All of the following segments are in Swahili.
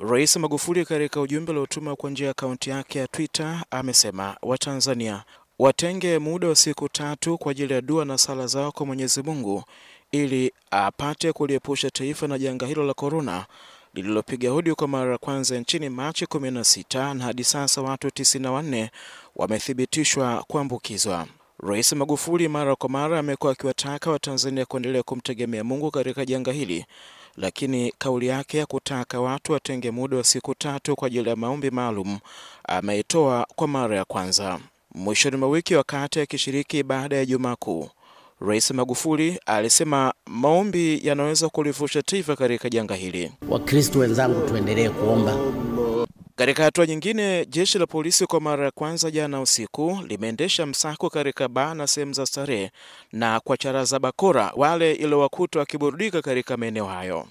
Rais Magufuli katika ujumbe aliotuma kwa njia ya akaunti yake ya Twitter amesema Watanzania watenge muda wa siku tatu kwa ajili ya dua na sala zao kwa Mwenyezi Mungu ili apate kuliepusha taifa na janga hilo la korona lililopiga hodi kwa mara ya kwanza nchini Machi 16 na hadi sasa watu 94 wamethibitishwa kuambukizwa. Rais Magufuli mara kwa mara amekuwa akiwataka Watanzania kuendelea kumtegemea Mungu katika janga hili lakini kauli yake ya kutaka watu watenge muda wa siku tatu kwa ajili ya maombi maalum ameitoa kwa mara ya kwanza mwishoni mwa wiki wakati akishiriki baada ya jumaa Kuu. Rais Magufuli alisema maombi yanaweza kulivusha taifa katika janga hili. Wakristo wenzangu, tuendelee kuomba katika hatua nyingine, jeshi la polisi kwa mara ya kwanza jana usiku limeendesha msako katika baa na sehemu za starehe na kwa charaza bakora wale iliowakuta wakiburudika katika maeneo hayo.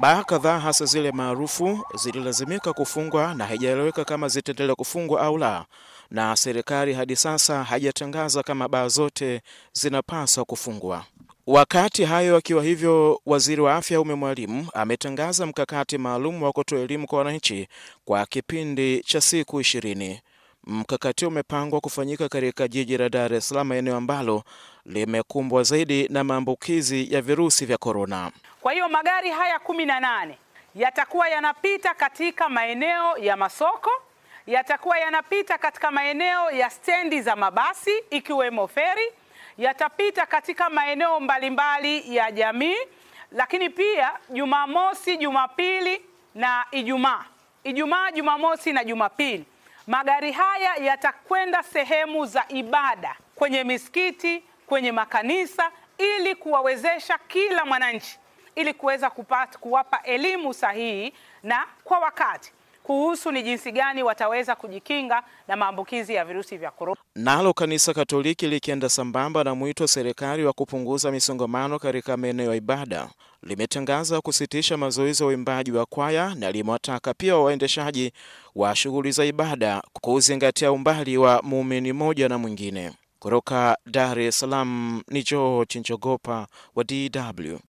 Baa kadhaa hasa zile maarufu zililazimika kufungwa na haijaeleweka kama zitaendelea kufungwa au la, na serikali hadi sasa haijatangaza kama baa zote zinapaswa kufungwa. Wakati hayo akiwa hivyo, waziri wa afya Ume Mwalimu ametangaza mkakati maalum wa kutoa elimu kwa wananchi kwa kipindi cha siku ishirini. Mkakati umepangwa kufanyika katika jiji la Dar es Salaam, eneo ambalo limekumbwa zaidi na maambukizi ya virusi vya korona. Kwa hiyo magari haya kumi na nane yatakuwa yanapita katika maeneo ya masoko yatakuwa yanapita katika maeneo ya stendi za mabasi ikiwemo feri, yatapita katika maeneo mbalimbali ya jamii, lakini pia Jumamosi, Jumapili na Ijumaa, Ijumaa, Jumamosi na Jumapili, magari haya yatakwenda sehemu za ibada, kwenye misikiti, kwenye makanisa, ili kuwawezesha kila mwananchi ili kuweza kupata kuwapa elimu sahihi na kwa wakati kuhusu ni jinsi gani wataweza kujikinga na maambukizi ya virusi vya korona. Nalo kanisa Katoliki likienda sambamba na mwito serikali wa kupunguza misongamano katika maeneo ya ibada, limetangaza kusitisha mazoezi ya uimbaji wa kwaya na limewataka pia waendeshaji wa shughuli za ibada kuzingatia umbali wa muumini mmoja na mwingine. Kutoka Dar es Salaam ni George Njogopa wa DW.